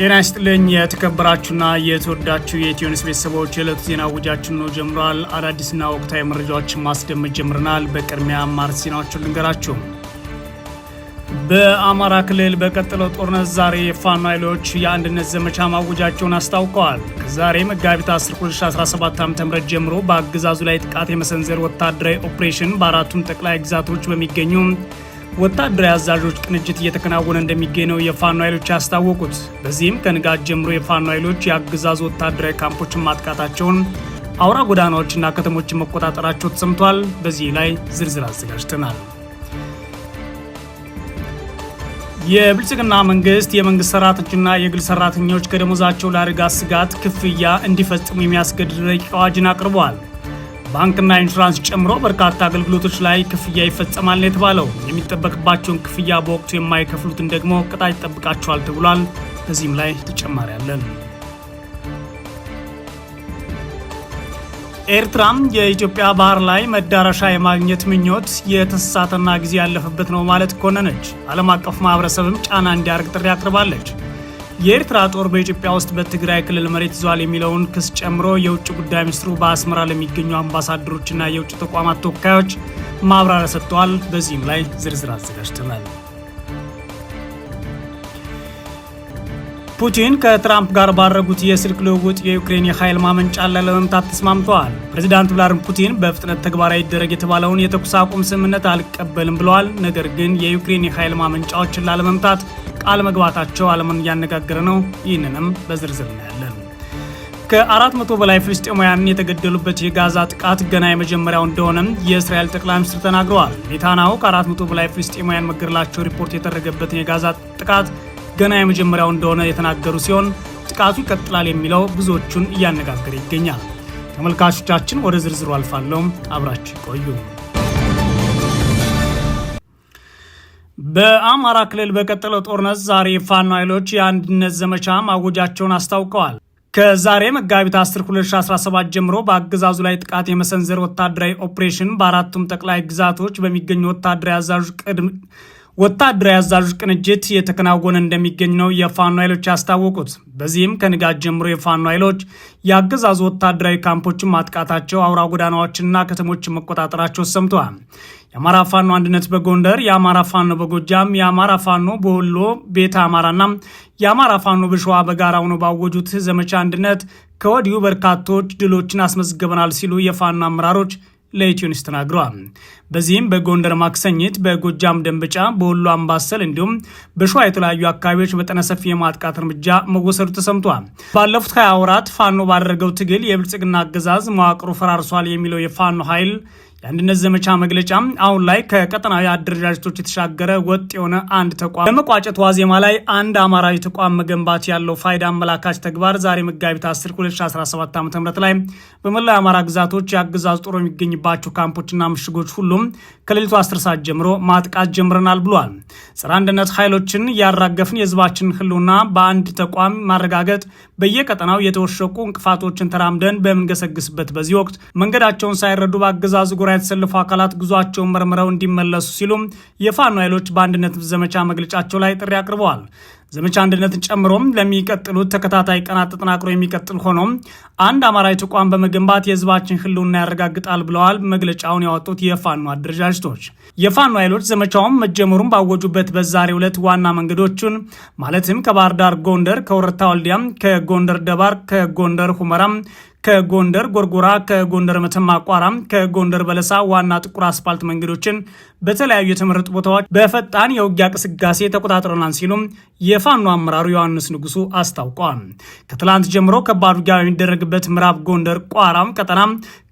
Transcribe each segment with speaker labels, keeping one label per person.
Speaker 1: ጤና ይስጥልኝ የተከበራችሁና የተወዳችሁ የኢትዮኒስ ቤተሰቦች፣ የዕለቱ ዜና ውጃችን ነው ጀምሯል። አዳዲስና ወቅታዊ መረጃዎችን ማስደመጥ ጀምረናል። በቅድሚያ ማር ዜናዎችን ልንገራችሁ። በአማራ ክልል በቀጠለው ጦርነት ዛሬ የፋኖ ኃይሎች የአንድነት ዘመቻ ማወጃቸውን አስታውቀዋል። ከዛሬ መጋቢት 10 2017 ዓ ም ጀምሮ በአገዛዙ ላይ ጥቃት የመሰንዘር ወታደራዊ ኦፕሬሽን በአራቱም ጠቅላይ ግዛቶች በሚገኙ ወታደራዊ አዛዦች ቅንጅት እየተከናወነ እንደሚገኝ ነው የፋኖ ኃይሎች ያስታወቁት። በዚህም ከንጋት ጀምሮ የፋኖ ኃይሎች የአገዛዙ ወታደራዊ ካምፖችን ማጥቃታቸውን፣ አውራ ጎዳናዎችና ከተሞችን መቆጣጠራቸው ተሰምቷል። በዚህ ላይ ዝርዝር አዘጋጅተናል። የብልጽግና መንግስት የመንግስት ሰራተኞችና የግል ሰራተኞች ከደሞዛቸው ለአደጋ ስጋት ክፍያ እንዲፈጽሙ የሚያስገድድ ረቂቅ አዋጅን ባንክና ኢንሹራንስ ጨምሮ በርካታ አገልግሎቶች ላይ ክፍያ ይፈጸማል የተባለው የሚጠበቅባቸውን ክፍያ በወቅቱ የማይከፍሉትን ደግሞ ቅጣት ይጠብቃቸዋል ተብሏል። በዚህም ላይ ተጨማሪ አለን። ኤርትራም የኢትዮጵያ ባህር ላይ መዳረሻ የማግኘት ምኞት የተሳሳተና ጊዜ ያለፈበት ነው ማለት ኮነነች። ዓለም አቀፍ ማህበረሰብም ጫና እንዲያርግ ጥሪ አቅርባለች። የኤርትራ ጦር በኢትዮጵያ ውስጥ በትግራይ ክልል መሬት ይዟል የሚለውን ክስ ጨምሮ የውጭ ጉዳይ ሚኒስትሩ በአስመራ ለሚገኙ አምባሳደሮችና የውጭ ተቋማት ተወካዮች ማብራሪያ ሰጥተዋል። በዚህም ላይ ዝርዝር አዘጋጅተናል። ፑቲን ከትራምፕ ጋር ባደረጉት የስልክ ልውውጥ የዩክሬን የኃይል ማመንጫን ላለመምታት ተስማምተዋል። ፕሬዚዳንት ቭላድሚር ፑቲን በፍጥነት ተግባራዊ ይደረግ የተባለውን የተኩስ አቁም ስምምነት አልቀበልም ብለዋል። ነገር ግን የዩክሬን የኃይል ማመንጫዎችን ላለመምታት ቃል መግባታቸው ዓለምን እያነጋገረ ነው። ይህንንም በዝርዝር እናያለን። ከአራት መቶ በላይ ፍልስጤማውያን የተገደሉበት የጋዛ ጥቃት ገና የመጀመሪያው እንደሆነ የእስራኤል ጠቅላይ ሚኒስትር ተናግረዋል። ኔታንያሁ ከአራት መቶ በላይ ፍልስጤማውያን መገደላቸው ሪፖርት የተደረገበትን የጋዛ ጥቃት ገና የመጀመሪያው እንደሆነ የተናገሩ ሲሆን ጥቃቱ ይቀጥላል የሚለው ብዙዎቹን እያነጋገረ ይገኛል። ተመልካቾቻችን ወደ ዝርዝሩ አልፋለሁ። አብራችሁ ቆዩ። በአማራ ክልል በቀጠለው ጦርነት ዛሬ የፋኖ ኃይሎች የአንድነት ዘመቻ ማወጃቸውን አስታውቀዋል። ከዛሬ መጋቢት 10 2017 ጀምሮ በአገዛዙ ላይ ጥቃት የመሰንዘር ወታደራዊ ኦፕሬሽን በአራቱም ጠቅላይ ግዛቶች በሚገኙ ወታደራዊ አዛዦች ቅድም ወታደራዊ አዛዦች ቅንጅት የተከናወነ እንደሚገኝ ነው የፋኖ ኃይሎች ያስታወቁት። በዚህም ከንጋት ጀምሮ የፋኖ ኃይሎች የአገዛዙ ወታደራዊ ካምፖችን ማጥቃታቸው፣ አውራ ጎዳናዎችንና ከተሞችን መቆጣጠራቸው ሰምተዋል። የአማራ ፋኖ አንድነት በጎንደር፣ የአማራ ፋኖ በጎጃም፣ የአማራ ፋኖ በወሎ ቤተ አማራና የአማራ ፋኖ በሸዋ በጋራ ሆኖ ባወጁት ዘመቻ አንድነት ከወዲሁ በርካቶች ድሎችን አስመዝግበናል ሲሉ የፋኖ አመራሮች ለኢትዮ ተናግረዋል። በዚህም በጎንደር ማክሰኝት፣ በጎጃም ደንበጫ፣ በወሎ አምባሰል እንዲሁም በሸዋ የተለያዩ አካባቢዎች መጠነ ሰፊ የማጥቃት እርምጃ መወሰዱ ተሰምቷል። ባለፉት 20 ወራት ፋኖ ባደረገው ትግል የብልጽግና አገዛዝ መዋቅሩ ፈራርሷል የሚለው የፋኖ ኃይል የአንድነት ዘመቻ መግለጫ አሁን ላይ ከቀጠናዊ አደረጃጀቶች የተሻገረ ወጥ የሆነ አንድ ተቋም ለመቋጨት ዋዜማ ላይ አንድ አማራዊ ተቋም መገንባት ያለው ፋይዳ አመላካች ተግባር ዛሬ መጋቢት 10 2017 ዓ ም ላይ በመላው የአማራ ግዛቶች የአገዛዝ ጦር የሚገኝባቸው ካምፖችና ምሽጎች ሁሉም ከሌሊቱ 10 ሰዓት ጀምሮ ማጥቃት ጀምረናል ብሏል። ጸረ አንድነት ኃይሎችን ያራገፍን የህዝባችንን ህልውና በአንድ ተቋም ማረጋገጥ በየቀጠናው የተወሸቁ እንቅፋቶችን ተራምደን በምንገሰግስበት በዚህ ወቅት መንገዳቸውን ሳይረዱ በአገዛዝ ዙሪያ የተሰለፉ አካላት ጉዟቸውን መርምረው እንዲመለሱ ሲሉም የፋኖ ኃይሎች በአንድነት ዘመቻ መግለጫቸው ላይ ጥሪ አቅርበዋል። ዘመቻ አንድነትን ጨምሮም ለሚቀጥሉት ተከታታይ ቀናት ተጠናክሮ የሚቀጥል ሆኖም አንድ አማራዊ ተቋም በመገንባት የህዝባችን ህልውና ያረጋግጣል ብለዋል መግለጫውን ያወጡት የፋኖ አደረጃጀቶች። የፋኖ ኃይሎች ዘመቻውን መጀመሩን ባወጁበት በዛሬው ዕለት ዋና መንገዶቹን ማለትም ከባህር ዳር ጎንደር፣ ከወረታ ወልዲያም፣ ከጎንደር ደባር ከጎንደር ሁመራም ከጎንደር ጎርጎራ፣ ከጎንደር መተማ ቋራም፣ ከጎንደር በለሳ ዋና ጥቁር አስፋልት መንገዶችን በተለያዩ የተመረጡ ቦታዎች በፈጣን የውጊያ ቅስጋሴ ተቆጣጥረናል ሲሉም የፋኖ አመራሩ ዮሐንስ ንጉሱ አስታውቋል። ከትላንት ጀምሮ ከባድ ውጊያ የሚደረግበት ምዕራብ ጎንደር ቋራም ቀጠና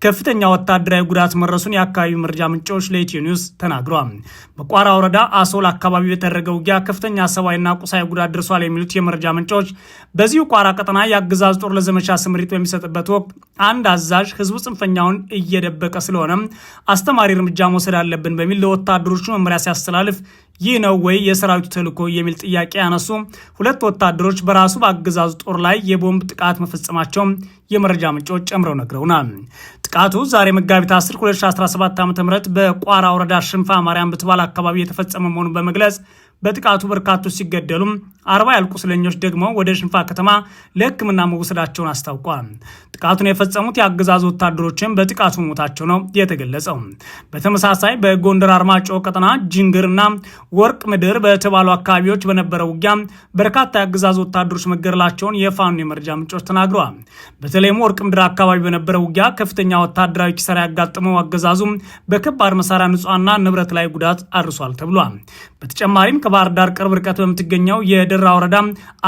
Speaker 1: ከፍተኛ ወታደራዊ ጉዳት መድረሱን የአካባቢው መረጃ ምንጮች ለኢትዮ ኒውስ ተናግሯል። በቋራ ወረዳ አሶል አካባቢ በተደረገ ውጊያ ከፍተኛ ሰብአዊና ቁሳዊ ጉዳት ደርሷል የሚሉት የመረጃ ምንጮች በዚሁ ቋራ ቀጠና የአገዛዝ ጦር ለዘመቻ ስምሪት በሚሰጥበት ወቅት አንድ አዛዥ ህዝቡ ጽንፈኛውን እየደበቀ ስለሆነም አስተማሪ እርምጃ መውሰድ አለብን በሚል ለወታደሮቹ መመሪያ ሲያስተላልፍ ይህ ነው ወይ የሰራዊቱ ተልዕኮ የሚል ጥያቄ ያነሱ ሁለት ወታደሮች በራሱ በአገዛዙ ጦር ላይ የቦምብ ጥቃት መፈጸማቸውም የመረጃ ምንጮች ጨምረው ነግረውናል። ጥቃቱ ዛሬ መጋቢት 10 2017 ዓ ም በቋራ ወረዳ ሽንፋ ማርያም ብትባል አካባቢ የተፈጸመ መሆኑን በመግለጽ በጥቃቱ በርካቶች ሲገደሉም አርባ ያህል ቁስለኞች ደግሞ ወደ ሽንፋ ከተማ ለሕክምና መወሰዳቸውን አስታውቋል። ጥቃቱን የፈጸሙት የአገዛዙ ወታደሮችን በጥቃቱ መሞታቸው ነው የተገለጸው። በተመሳሳይ በጎንደር አርማጮ ቀጠና ጅንግርና ወርቅ ምድር በተባሉ አካባቢዎች በነበረው ውጊያ በርካታ የአገዛዙ ወታደሮች መገደላቸውን የፋኑ የመረጃ ምንጮች ተናግረዋል። በተለይም ወርቅ ምድር አካባቢ በነበረው ውጊያ ከፍተኛ ወታደራዊ ኪሳራ ያጋጥመው አገዛዙም በከባድ መሳሪያ ንጹሐና ንብረት ላይ ጉዳት አድርሷል ተብሏል። በተጨማሪም ከባህር ዳር ቅርብ ርቀት በምትገኘው የደራ ወረዳ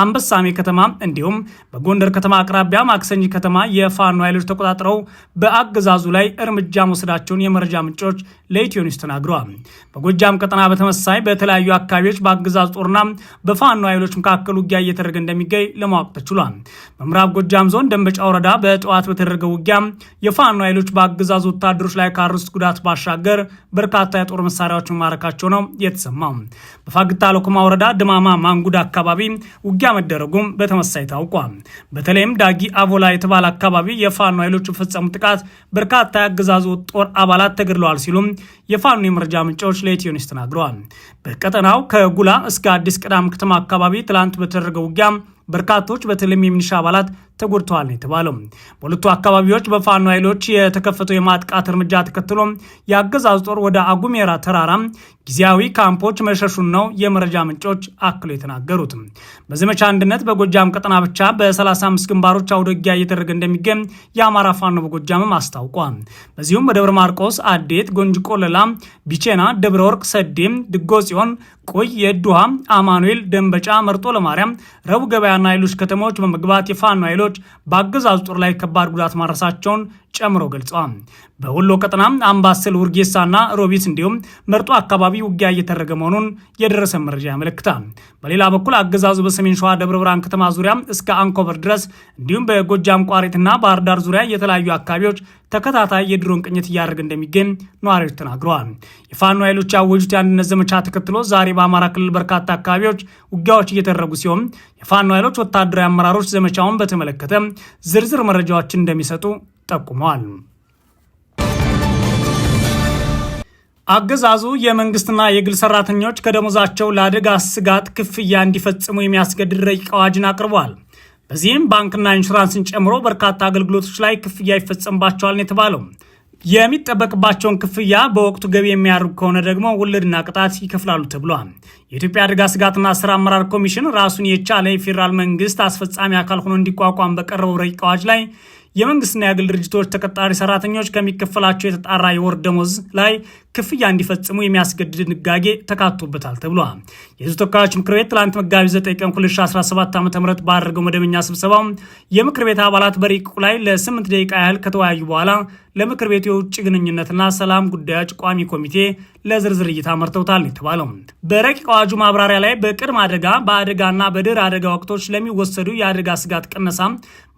Speaker 1: አንበሳሜ ከተማ እንዲሁም በጎንደር ከተማ አቅራቢያ ማክሰኝ ከተማ የፋኖ ኃይሎች ተቆጣጥረው በአገዛዙ ላይ እርምጃ መውሰዳቸውን የመረጃ ምንጮች ለኢትዮ ኒውስ ተናግረዋል። በጎጃም ቀጠና በተመሳይ በተለያዩ አካባቢዎች በአገዛዙ ጦርና በፋኖ ኃይሎች መካከል ውጊያ እየተደረገ እንደሚገኝ ለማወቅ ተችሏል። በምዕራብ ጎጃም ዞን ደንበጫ ወረዳ በጠዋት በተደረገ ውጊያ የፋኖ ኃይሎች በአገዛዙ ወታደሮች ላይ ካርስት ጉዳት ባሻገር በርካታ የጦር መሳሪያዎች መማረካቸው ነው የተሰማው። ዋግታ ሎኮማ ወረዳ ድማማ ማንጉድ አካባቢ ውጊያ መደረጉም በተመሳይ ታውቋል። በተለይም ዳጊ አቮላ የተባለ አካባቢ የፋኖ ኃይሎች የፈጸሙ ጥቃት በርካታ የአገዛዙ ጦር አባላት ተገድለዋል ሲሉም የፋኖ የመረጃ ምንጮች ለኢትዮ ኒውስ ተናግረዋል። በቀጠናው ከጉላ እስከ አዲስ ቅዳም ከተማ አካባቢ ትላንት በተደረገ ውጊያ በርካቶች በተለይም የሚኒሻ አባላት ተጎድተዋል ነው የተባለው። በሁለቱ አካባቢዎች በፋኖ ኃይሎች የተከፈተው የማጥቃት እርምጃ ተከትሎ የአገዛዝ ጦር ወደ አጉሜራ ተራራ ጊዜያዊ ካምፖች መሸሹን ነው የመረጃ ምንጮች አክሎ የተናገሩት። በዘመቻ አንድነት በጎጃም ቀጠና ብቻ በ35 ግንባሮች አውደጊያ እየተደረገ እንደሚገኝ የአማራ ፋኖ በጎጃምም አስታውቋል። በዚሁም በደብረ ማርቆስ፣ አዴት፣ ጎንጅ ቆለላ፣ ቢቼና፣ ደብረ ወርቅ፣ ሰዴም፣ ድጎ ጽዮን፣ ቆይ፣ የድሃ አማኑኤል፣ ደንበጫ፣ መርጦ ለማርያም፣ ረቡ ገበያና ሌሎች ከተሞች በመግባት የፋኖ ኃይሎች ሚሳይሎች በአገዛዙ ጦር ላይ ከባድ ጉዳት ማድረሳቸውን ጨምሮ ገልጸዋል። በወሎ ቀጠና አምባሰል፣ ውርጌሳና ሮቢት እንዲሁም መርጦ አካባቢ ውጊያ እየተደረገ መሆኑን የደረሰ መረጃ ያመለክታል። በሌላ በኩል አገዛዙ በሰሜን ሸዋ ደብረ ብርሃን ከተማ ዙሪያ እስከ አንኮበር ድረስ እንዲሁም በጎጃም ቋሪትና ባህር ዳር ዙሪያ የተለያዩ አካባቢዎች ተከታታይ የድሮን ቅኝት እያደረገ እንደሚገኝ ነዋሪዎች ተናግረዋል። የፋኖ ኃይሎች ያወጁት የአንድነት ዘመቻ ተከትሎ ዛሬ በአማራ ክልል በርካታ አካባቢዎች ውጊያዎች እየተደረጉ ሲሆን የፋኖ ኃይሎች ወታደራዊ አመራሮች ዘመቻውን በተመለከተ ዝርዝር መረጃዎችን እንደሚሰጡ ጠቁመዋል። አገዛዙ የመንግስትና የግል ሰራተኞች ከደሞዛቸው ለአደጋ ስጋት ክፍያ እንዲፈጽሙ የሚያስገድድ ረቂቅ አዋጅን አቅርቧል። በዚህም ባንክና ኢንሹራንስን ጨምሮ በርካታ አገልግሎቶች ላይ ክፍያ ይፈጸምባቸዋል ነው የተባለው። የሚጠበቅባቸውን ክፍያ በወቅቱ ገቢ የሚያደርጉ ከሆነ ደግሞ ውልድና ቅጣት ይከፍላሉ ተብሏል። የኢትዮጵያ አደጋ ስጋትና ስራ አመራር ኮሚሽን ራሱን የቻለ የፌዴራል መንግስት አስፈጻሚ አካል ሆኖ እንዲቋቋም በቀረበው ረቂቅ አዋጅ ላይ የመንግስትና የግል ድርጅቶች ተቀጣሪ ሰራተኞች ከሚከፈላቸው የተጣራ የወር ደሞዝ ላይ ክፍያ እንዲፈጽሙ የሚያስገድድ ድንጋጌ ተካቶበታል ተብሏል። የህዝብ ተወካዮች ምክር ቤት ትላንት መጋቢት 9 ቀን 2017 ዓ ም ባደረገው መደበኛ ስብሰባ የምክር ቤት አባላት በሪቁ ላይ ለ8 ደቂቃ ያህል ከተወያዩ በኋላ ለምክር ቤቱ የውጭ ግንኙነትና ሰላም ጉዳዮች ቋሚ ኮሚቴ ለዝርዝር እይታ መርተውታል የተባለው በረቂቅ አዋጁ ማብራሪያ ላይ በቅድመ አደጋ በአደጋና በድር አደጋ ወቅቶች ለሚወሰዱ የአደጋ ስጋት ቅነሳ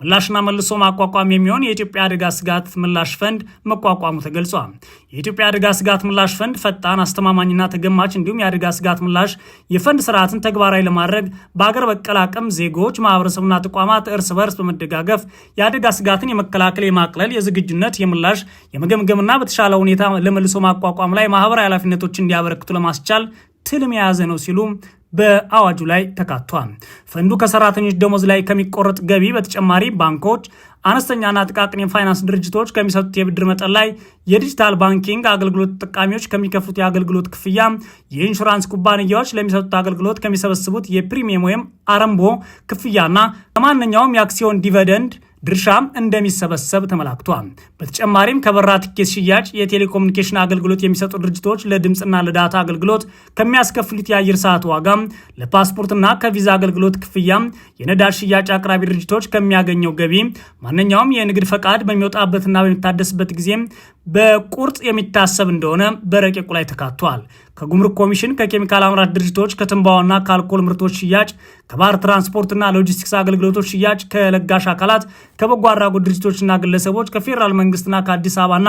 Speaker 1: ምላሽና መልሶ ማቋቋም የሚሆን የኢትዮጵያ አደጋ ስጋት ምላሽ ፈንድ መቋቋሙ ተገልጿል። የኢትዮጵያ አደጋ ስጋት ምላሽ ፈንድ ፈጣን፣ አስተማማኝና ተገማች እንዲሁም የአደጋ ስጋት ምላሽ የፈንድ ስርዓትን ተግባራዊ ለማድረግ በአገር በቀል አቅም ዜጎች፣ ማህበረሰቡና ተቋማት እርስ በርስ በመደጋገፍ የአደጋ ስጋትን የመከላከል የማቅለል፣ የዝግጁነት የምላሽ አደራጅ የመገምገምና በተሻለ ሁኔታ ለመልሶ ማቋቋም ላይ ማህበራዊ ኃላፊነቶችን እንዲያበረክቱ ለማስቻል ትልም የያዘ ነው ሲሉ በአዋጁ ላይ ተካቷል። ፈንዱ ከሰራተኞች ደሞዝ ላይ ከሚቆረጥ ገቢ በተጨማሪ ባንኮች አነስተኛና ጥቃቅን የፋይናንስ ድርጅቶች ከሚሰጡት የብድር መጠን ላይ የዲጂታል ባንኪንግ አገልግሎት ተጠቃሚዎች ከሚከፍሉት የአገልግሎት ክፍያ፣ የኢንሹራንስ ኩባንያዎች ለሚሰጡት አገልግሎት ከሚሰበስቡት የፕሪሚየም ወይም አረምቦ ክፍያና ከማንኛውም የአክሲዮን ዲቨደንድ ድርሻም እንደሚሰበሰብ ተመላክቷል። በተጨማሪም ከበራ ትኬት ሽያጭ የቴሌኮሙኒኬሽን አገልግሎት የሚሰጡ ድርጅቶች ለድምፅና ለዳታ አገልግሎት ከሚያስከፍሉት የአየር ሰዓት ዋጋ፣ ለፓስፖርትና ከቪዛ አገልግሎት ክፍያ፣ የነዳጅ ሽያጭ አቅራቢ ድርጅቶች ከሚያገኘው ገቢ፣ ማንኛውም የንግድ ፈቃድ በሚወጣበትና በሚታደስበት ጊዜ በቁርጥ የሚታሰብ እንደሆነ በረቂቁ ላይ ተካቷል። ከጉምሩክ ኮሚሽን፣ ከኬሚካል አምራች ድርጅቶች፣ ከትንባዋና ከአልኮል ምርቶች ሽያጭ፣ ከባህር ትራንስፖርትና ሎጂስቲክስ አገልግሎቶች ሽያጭ፣ ከለጋሽ አካላት፣ ከበጎ አድራጎት ድርጅቶችና ግለሰቦች፣ ከፌዴራል መንግስትና ከአዲስ አበባና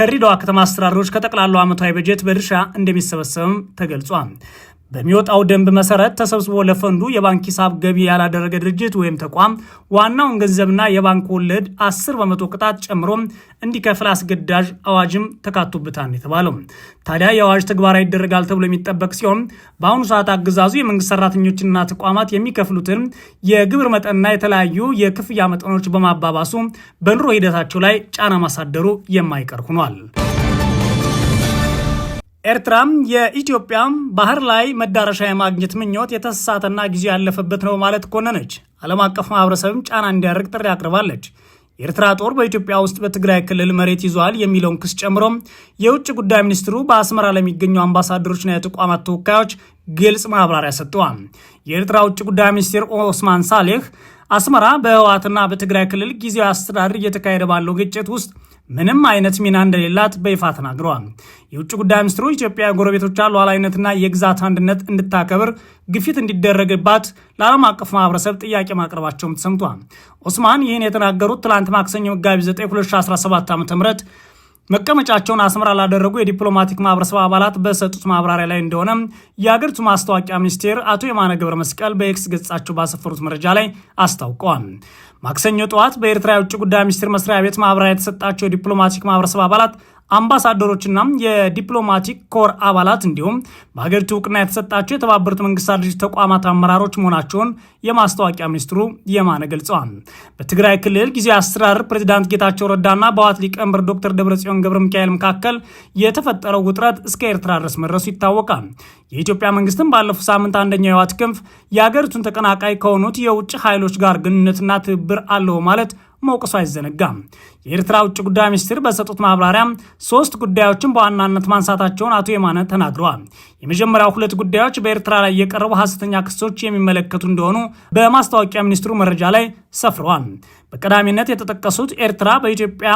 Speaker 1: ከድሬዳዋ ከተማ አስተዳደሮች ከጠቅላላው ዓመታዊ በጀት በድርሻ እንደሚሰበሰብም ተገልጿል። በሚወጣው ደንብ መሰረት ተሰብስቦ ለፈንዱ የባንክ ሂሳብ ገቢ ያላደረገ ድርጅት ወይም ተቋም ዋናውን ገንዘብና የባንክ ወለድ 10 በመቶ ቅጣት ጨምሮ እንዲከፍል አስገዳጅ አዋጅም ተካቶበታል የተባለው። ታዲያ የአዋጅ ተግባራዊ ይደረጋል ተብሎ የሚጠበቅ ሲሆን በአሁኑ ሰዓት አገዛዙ የመንግስት ሰራተኞችና ተቋማት የሚከፍሉትን የግብር መጠንና የተለያዩ የክፍያ መጠኖች በማባባሱ በኑሮ ሂደታቸው ላይ ጫና ማሳደሩ የማይቀር ሆኗል። ኤርትራም የኢትዮጵያ ባህር ላይ መዳረሻ የማግኘት ምኞት የተሳሳተና ጊዜ ያለፈበት ነው ማለት ኮነነች። ዓለም አቀፍ ማህበረሰብም ጫና እንዲያደርግ ጥሪ አቅርባለች። የኤርትራ ጦር በኢትዮጵያ ውስጥ በትግራይ ክልል መሬት ይዟል የሚለውን ክስ ጨምሮም የውጭ ጉዳይ ሚኒስትሩ በአስመራ ለሚገኙ አምባሳደሮችና የተቋማት ተወካዮች ግልጽ ማብራሪያ ሰጥተዋል። የኤርትራ ውጭ ጉዳይ ሚኒስትር ኦስማን ሳሌህ አስመራ በህወሓትና በትግራይ ክልል ጊዜያዊ አስተዳደር እየተካሄደ ባለው ግጭት ውስጥ ምንም አይነት ሚና እንደሌላት በይፋ ተናግረዋል። የውጭ ጉዳይ ሚኒስትሩ ኢትዮጵያ ጎረቤቶቿ ሉዓላዊነትና የግዛት አንድነት እንድታከብር ግፊት እንዲደረግባት ለዓለም አቀፍ ማህበረሰብ ጥያቄ ማቅረባቸውም ተሰምቷል። ኦስማን ይህን የተናገሩት ትላንት ማክሰኞ መጋቢት 9 2017 ዓ ም መቀመጫቸውን አስመራ ላደረጉ የዲፕሎማቲክ ማህበረሰብ አባላት በሰጡት ማብራሪያ ላይ እንደሆነ የአገሪቱ ማስታወቂያ ሚኒስቴር አቶ የማነ ገብረ መስቀል በኤክስ ገጻቸው ባሰፈሩት መረጃ ላይ አስታውቀዋል። ማክሰኞ ጠዋት በኤርትራ የውጭ ጉዳይ ሚኒስቴር መስሪያ ቤት ማብራሪያ የተሰጣቸው የዲፕሎማቲክ ማህበረሰብ አባላት አምባሳደሮችና የዲፕሎማቲክ ኮር አባላት እንዲሁም በሀገሪቱ እውቅና የተሰጣቸው የተባበሩት መንግስታት ድርጅት ተቋማት አመራሮች መሆናቸውን የማስታወቂያ ሚኒስትሩ የማነ ገልጸዋል። በትግራይ ክልል ጊዜ አስተዳደር ፕሬዚዳንት ጌታቸው ረዳና በህወሓት ሊቀመንበር ዶክተር ደብረጽዮን ገብረ ሚካኤል መካከል የተፈጠረው ውጥረት እስከ ኤርትራ ድረስ መድረሱ ይታወቃል። የኢትዮጵያ መንግስትም ባለፉት ሳምንት አንደኛው የዋት ክንፍ የሀገሪቱን ተቀናቃይ ከሆኑት የውጭ ኃይሎች ጋር ግንኙነትና ትብብር አለው ማለት መውቀሱ አይዘነጋም። የኤርትራ ውጭ ጉዳይ ሚኒስትር በሰጡት ማብራሪያ ሶስት ጉዳዮችን በዋናነት ማንሳታቸውን አቶ የማነ ተናግረዋል። የመጀመሪያው ሁለት ጉዳዮች በኤርትራ ላይ የቀረቡ ሐሰተኛ ክሶች የሚመለከቱ እንደሆኑ በማስታወቂያ ሚኒስትሩ መረጃ ላይ ሰፍረዋል። በቀዳሚነት የተጠቀሱት ኤርትራ በኢትዮጵያ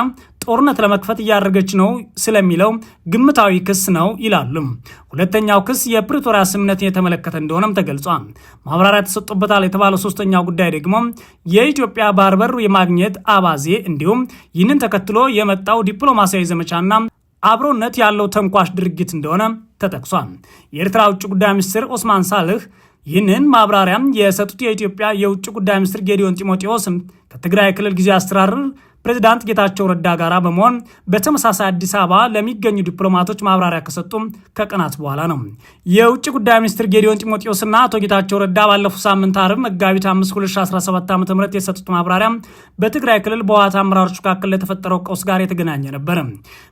Speaker 1: ጦርነት ለመክፈት እያደረገች ነው ስለሚለው ግምታዊ ክስ ነው ይላሉ። ሁለተኛው ክስ የፕሪቶሪያ ስምምነትን የተመለከተ እንደሆነም ተገልጿል። ማብራሪያ ተሰጥቶበታል የተባለው ሶስተኛው ጉዳይ ደግሞ የኢትዮጵያ ባህር በር የማግኘት አባዜ እንዲሁም ይህንን ተከትሎ የመጣው ዲፕሎማሲያዊ ዘመቻና አብሮነት ያለው ተንኳሽ ድርጊት እንደሆነ ተጠቅሷል። የኤርትራ ውጭ ጉዳይ ሚኒስትር ኦስማን ሳልህ ይህንን ማብራሪያም የሰጡት የኢትዮጵያ የውጭ ጉዳይ ሚኒስትር ጌዲዮን ጢሞቴዎስም ከትግራይ ክልል ጊዜ አስተራርር ፕሬዚዳንት ጌታቸው ረዳ ጋራ በመሆን በተመሳሳይ አዲስ አበባ ለሚገኙ ዲፕሎማቶች ማብራሪያ ከሰጡም ከቀናት በኋላ ነው። የውጭ ጉዳይ ሚኒስትር ጌዲዮን ጢሞቴዎስና አቶ ጌታቸው ረዳ ባለፉት ሳምንት አርብ መጋቢት 5 2017 ዓ ም የሰጡት ማብራሪያ በትግራይ ክልል በህወሓት አመራሮች መካከል ለተፈጠረው ቀውስ ጋር የተገናኘ ነበር።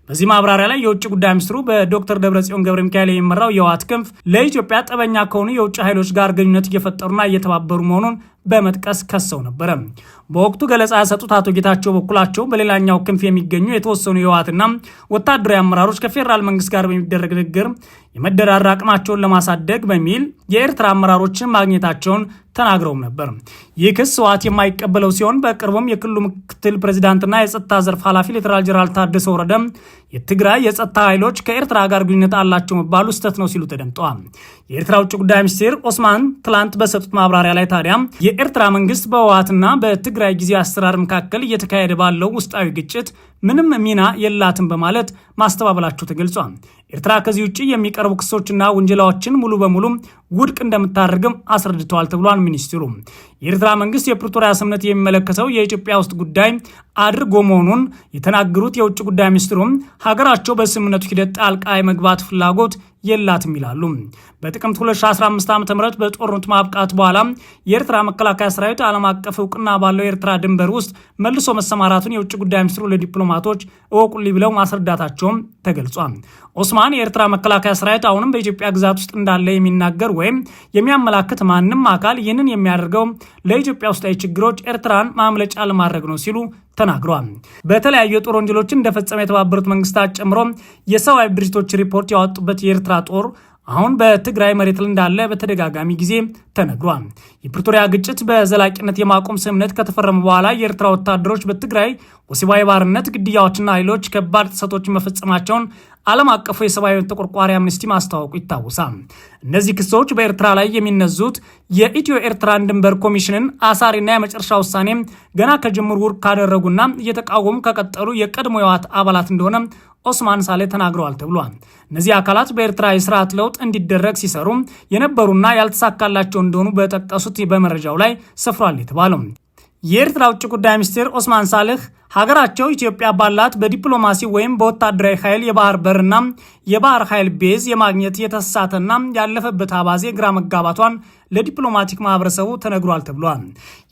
Speaker 1: በዚህ ማብራሪያ ላይ የውጭ ጉዳይ ሚኒስትሩ በዶክተር ደብረጽዮን ገብረ ሚካኤል የሚመራው የህወሓት ክንፍ ለኢትዮጵያ ጠበኛ ከሆኑ የውጭ ኃይሎች ጋር ግንኙነት እየፈጠሩና እየተባበሩ መሆኑን በመጥቀስ ከሰው ነበረ። በወቅቱ ገለጻ ያሰጡት አቶ ጌታቸው በኩላቸው በሌላኛው ክንፍ የሚገኙ የተወሰኑ የህወሓትና ወታደራዊ አመራሮች ከፌዴራል መንግስት ጋር በሚደረግ ንግግር የመደራደር አቅማቸውን ለማሳደግ በሚል የኤርትራ አመራሮችን ማግኘታቸውን ተናግረውም ነበር። ይህ ክስ ህወሓት የማይቀበለው ሲሆን በቅርቡም የክልሉ ምክትል ፕሬዚዳንትና የጸጥታ ዘርፍ ኃላፊ ሌተናል ጀነራል ታደሰ ወረደ የትግራይ የጸጥታ ኃይሎች ከኤርትራ ጋር ግንኙነት አላቸው መባሉ ስህተት ነው ሲሉ ተደምጠዋል። የኤርትራ ውጭ ጉዳይ ሚኒስቴር ኦስማን ትላንት በሰጡት ማብራሪያ ላይ ታዲያ የኤርትራ መንግስት በህወሓትና በትግራይ ጊዜ አሰራር መካከል እየተካሄደ ባለው ውስጣዊ ግጭት ምንም ሚና የላትም በማለት ማስተባበላቸው ተገልጿል። ኤርትራ ከዚህ ውጭ የሚቀርቡ ክሶችና ውንጀላዎችን ሙሉ በሙሉ ውድቅ እንደምታደርግም አስረድተዋል ተብሏል ሚኒስትሩ። የኤርትራ መንግስት የፕሪቶሪያ ስምምነት የሚመለከተው የኢትዮጵያ ውስጥ ጉዳይ አድርጎ መሆኑን የተናገሩት የውጭ ጉዳይ ሚኒስትሩም ሀገራቸው በስምምነቱ ሂደት ጣልቃ የመግባት ፍላጎት የላትም ይላሉ። በጥቅምት 2015 ዓ ም በጦርነቱ ማብቃት በኋላ የኤርትራ መከላከያ ሰራዊት ዓለም አቀፍ እውቅና ባለው የኤርትራ ድንበር ውስጥ መልሶ መሰማራቱን የውጭ ጉዳይ ሚኒስትሩ ለዲፕሎማቶች እወቁልኝ ብለው ማስረዳታቸውም ተገልጿል። ኦስማን የኤርትራ መከላከያ ሰራዊት አሁንም በኢትዮጵያ ግዛት ውስጥ እንዳለ የሚናገር ወይም የሚያመላክት ማንም አካል ይህንን የሚያደርገው ለኢትዮጵያ ውስጣዊ ችግሮች ኤርትራን ማምለጫ ለማድረግ ነው ሲሉ ተናግረዋል። በተለያዩ የጦር ወንጀሎችን እንደፈጸመ የተባበሩት መንግስታት ጨምሮ የሰብአዊ ድርጅቶች ሪፖርት ያወጡበት የኤርትራ ጦር አሁን በትግራይ መሬት ላይ እንዳለ በተደጋጋሚ ጊዜ ተነግሯል። የፕሪቶሪያ ግጭት በዘላቂነት የማቆም ስምምነት ከተፈረመ በኋላ የኤርትራ ወታደሮች በትግራይ ወሲባዊ ባርነት፣ ግድያዎችና ሌሎች ከባድ ጥሰቶች መፈጸማቸውን ዓለም አቀፉ የሰብአዊ ተቆርቋሪ አምነስቲ ማስታወቁ ይታወሳል። እነዚህ ክሶች በኤርትራ ላይ የሚነዙት የኢትዮ ኤርትራን ድንበር ኮሚሽንን አሳሪና የመጨረሻ ውሳኔ ገና ከጅምሩ ውድቅ ካደረጉና እየተቃወሙ ከቀጠሉ የቀድሞ የዋት አባላት እንደሆነ ኦስማን ሳሌ ተናግረዋል ተብሏል። እነዚህ አካላት በኤርትራ የስርዓት ለውጥ እንዲደረግ ሲሰሩ የነበሩና ያልተሳካላቸው እንደሆኑ በጠቀሱት በመረጃው ላይ ሰፍሯል የተባለው የኤርትራ ውጭ ጉዳይ ሚኒስትር ኦስማን ሳልህ ሀገራቸው ኢትዮጵያ ባላት በዲፕሎማሲ ወይም በወታደራዊ ኃይል የባህር በርና የባህር ኃይል ቤዝ የማግኘት የተሳተና ያለፈበት አባዜ ግራ መጋባቷን ለዲፕሎማቲክ ማህበረሰቡ ተነግሯል ተብሏል።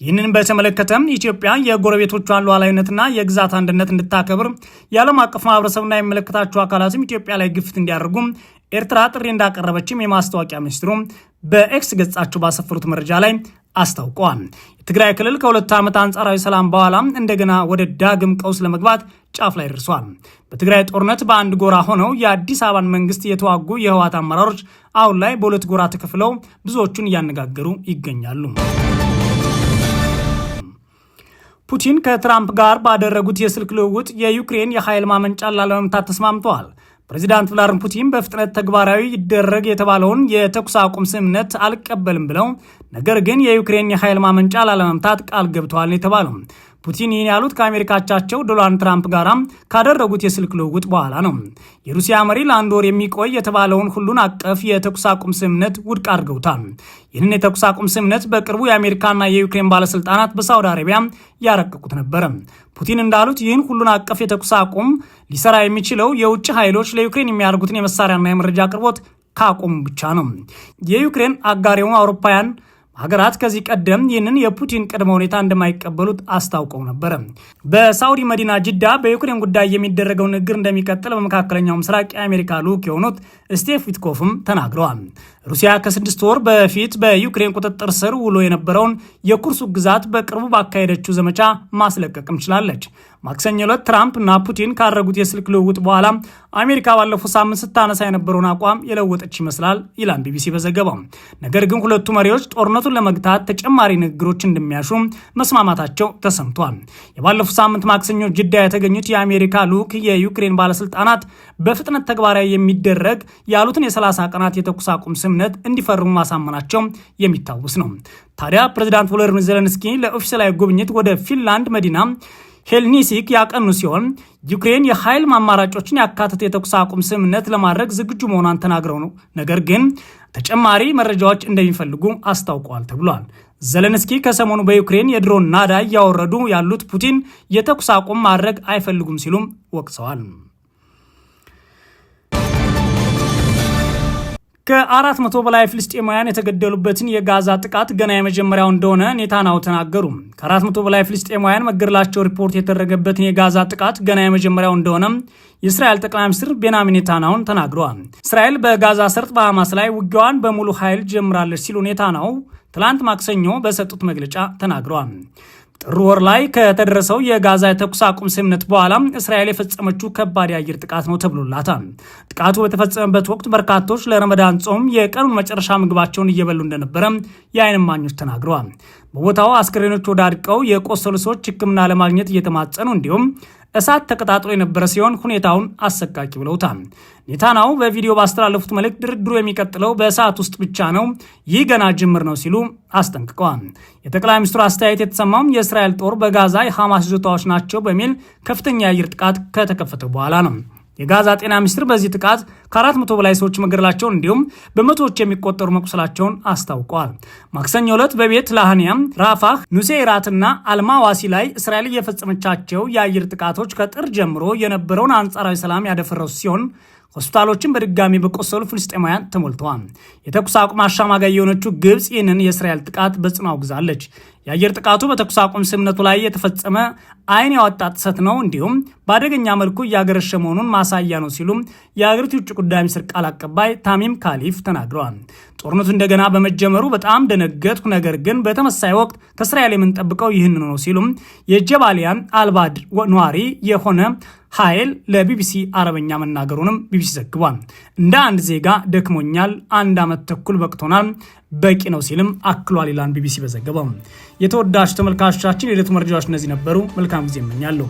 Speaker 1: ይህንን በተመለከተም ኢትዮጵያ የጎረቤቶቿን ሉዓላዊነትና የግዛት አንድነት እንድታከብር የዓለም አቀፍ ማህበረሰቡና የሚመለከታቸው አካላትም ኢትዮጵያ ላይ ግፊት እንዲያደርጉ ኤርትራ ጥሪ እንዳቀረበችም የማስታወቂያ ሚኒስትሩ በኤክስ ገጻቸው ባሰፈሩት መረጃ ላይ አስታውቋል። የትግራይ ክልል ከሁለት ዓመት አንጻራዊ ሰላም በኋላ እንደገና ወደ ዳግም ቀውስ ለመግባት ጫፍ ላይ ደርሷል። በትግራይ ጦርነት በአንድ ጎራ ሆነው የአዲስ አበባን መንግስት የተዋጉ የህወሓት አመራሮች አሁን ላይ በሁለት ጎራ ተከፍለው ብዙዎቹን እያነጋገሩ ይገኛሉ። ፑቲን ከትራምፕ ጋር ባደረጉት የስልክ ልውውጥ የዩክሬን የኃይል ማመንጫን ላለመምታት ተስማምተዋል። ፕሬዚዳንት ቭላድሚር ፑቲን በፍጥነት ተግባራዊ ይደረግ የተባለውን የተኩስ አቁም ስምምነት አልቀበልም ብለው ነገር ግን የዩክሬን የኃይል ማመንጫ ላለመምታት ቃል ገብተዋል የተባለው ፑቲን ይህን ያሉት ከአሜሪካቻቸው ዶናልድ ትራምፕ ጋር ካደረጉት የስልክ ልውውጥ በኋላ ነው። የሩሲያ መሪ ለአንድ ወር የሚቆይ የተባለውን ሁሉን አቀፍ የተኩስ አቁም ስምምነት ውድቅ አድርገውታል። ይህንን የተኩስ አቁም ስምምነት በቅርቡ የአሜሪካና የዩክሬን ባለስልጣናት በሳውዲ አረቢያ ያረቀቁት ነበረ። ፑቲን እንዳሉት ይህን ሁሉን አቀፍ የተኩስ አቁም ሊሰራ የሚችለው የውጭ ኃይሎች ለዩክሬን የሚያደርጉትን የመሳሪያና የመረጃ አቅርቦት ካቆሙ ብቻ ነው። የዩክሬን አጋሪው አውሮፓውያን ሀገራት ከዚህ ቀደም ይህንን የፑቲን ቅድመ ሁኔታ እንደማይቀበሉት አስታውቀው ነበረ። በሳውዲ መዲና ጅዳ በዩክሬን ጉዳይ የሚደረገው ንግግር እንደሚቀጥል በመካከለኛው ምስራቅ የአሜሪካ ልዑክ የሆኑት ስቴቭ ዊትኮፍም ተናግረዋል። ሩሲያ ከስድስት ወር በፊት በዩክሬን ቁጥጥር ስር ውሎ የነበረውን የኩርሱ ግዛት በቅርቡ ባካሄደችው ዘመቻ ማስለቀቅም ችላለች። ማክሰኞ ዕለት እና ፑቲን ካረጉት የስልክ ልውውጥ በኋላ አሜሪካ ባለፈው ሳምንት ስታነሳ የነበረውን አቋም የለወጠች ይመስላል ይላል ቢቢሲ በዘገባው። ነገር ግን ሁለቱ መሪዎች ጦርነቱን ለመግታት ተጨማሪ ንግግሮች እንደሚያሹ መስማማታቸው ተሰምቷል። የባለፉት ሳምንት ማክሰኞ ጅዳ የተገኙት የአሜሪካ ልዑክ የዩክሬን ባለስልጣናት በፍጥነት ተግባራዊ የሚደረግ ያሉትን የ30 ቀናት የተኩስ አቁም ስምነት እንዲፈርሙ ማሳመናቸው የሚታወስ ነው። ታዲያ ፕሬዚዳንት ቮሎዲሚር ዘለንስኪ ለኦፊሴላዊ ጉብኝት ወደ ፊንላንድ መዲና ሄልኒሲክ ያቀኑ ሲሆን ዩክሬን የኃይል አማራጮችን ያካተተ የተኩስ አቁም ስምምነት ለማድረግ ዝግጁ መሆኗን ተናግረው ነው ነገር ግን ተጨማሪ መረጃዎች እንደሚፈልጉ አስታውቀዋል ተብሏል። ዘለንስኪ ከሰሞኑ በዩክሬን የድሮን ናዳ እያወረዱ ያሉት ፑቲን የተኩስ አቁም ማድረግ አይፈልጉም ሲሉም ወቅሰዋል። ከአራት መቶ በላይ ፍልስጤማውያን የተገደሉበትን የጋዛ ጥቃት ገና የመጀመሪያው እንደሆነ ኔታናው ተናገሩ። ከአራት መቶ በላይ ፍልስጤማውያን መገደላቸው ሪፖርት የተደረገበትን የጋዛ ጥቃት ገና የመጀመሪያው እንደሆነ የእስራኤል ጠቅላይ ሚኒስትር ቤንያሚን ኔታናውን ተናግረዋል። እስራኤል በጋዛ ሰርጥ በሐማስ ላይ ውጊያዋን በሙሉ ኃይል ጀምራለች ሲሉ ኔታናው ትላንት ማክሰኞ በሰጡት መግለጫ ተናግረዋል። ጥር ወር ላይ ከተደረሰው የጋዛ የተኩስ አቁም ስምምነት በኋላ እስራኤል የፈጸመችው ከባድ የአየር ጥቃት ነው ተብሎላታል። ጥቃቱ በተፈጸመበት ወቅት በርካቶች ለረመዳን ጾም የቀኑን መጨረሻ ምግባቸውን እየበሉ እንደነበረ የአይን እማኞች ተናግረዋል። በቦታው አስክሬኖች ወዳድቀው የቆሰሉ ሰዎች ሕክምና ለማግኘት እየተማጸኑ እንዲሁም እሳት ተቀጣጥሎ የነበረ ሲሆን ሁኔታውን አሰቃቂ ብለውታል። ኔታናው በቪዲዮ ባስተላለፉት መልእክት ድርድሩ የሚቀጥለው በእሳት ውስጥ ብቻ ነው፣ ይህ ገና ጅምር ነው ሲሉ አስጠንቅቀዋል። የጠቅላይ ሚኒስትሩ አስተያየት የተሰማውም የእስራኤል ጦር በጋዛ የሐማስ ይዞታዎች ናቸው በሚል ከፍተኛ የአየር ጥቃት ከተከፈተ በኋላ ነው። የጋዛ ጤና ሚኒስትር በዚህ ጥቃት ከ400 በላይ ሰዎች መገደላቸውን እንዲሁም በመቶዎች የሚቆጠሩ መቁሰላቸውን አስታውቋል። ማክሰኞ ዕለት በቤት ላህንያም፣ ራፋህ፣ ኑሴራትና አልማዋሲ ላይ እስራኤል እየፈጸመቻቸው የአየር ጥቃቶች ከጥር ጀምሮ የነበረውን አንጻራዊ ሰላም ያደፈረሱ ሲሆን ሆስፒታሎችን በድጋሚ በቆሰሉ ፍልስጤማውያን ተሞልተዋል። የተኩስ አቁም አሸማጋይ የሆነችው ግብፅ ይህንን የእስራኤል ጥቃት በጽኑ አውግዛለች። የአየር ጥቃቱ በተኩስ አቁም ስምነቱ ላይ የተፈጸመ አይን ያወጣ ጥሰት ነው፣ እንዲሁም በአደገኛ መልኩ እያገረሸ መሆኑን ማሳያ ነው ሲሉም የአገሪቱ ውጭ ጉዳይ ሚኒስትር ቃል አቀባይ ታሚም ካሊፍ ተናግረዋል። ጦርነቱ እንደገና በመጀመሩ በጣም ደነገጥኩ፣ ነገር ግን በተመሳይ ወቅት ከእስራኤል የምንጠብቀው ይህን ነው ሲሉም የጀባሊያን አልባድ ነዋሪ የሆነ ኃይል ለቢቢሲ አረበኛ መናገሩንም ቢቢሲ ዘግቧል። እንደ አንድ ዜጋ ደክሞኛል። አንድ ዓመት ተኩል በቅቶናል። በቂ ነው ሲልም አክሏል ይላል ቢቢሲ በዘገባው። የተወዳጅ ተመልካቾቻችን የዕለቱ መረጃዎች እነዚህ ነበሩ። መልካም ጊዜ እመኛለሁ።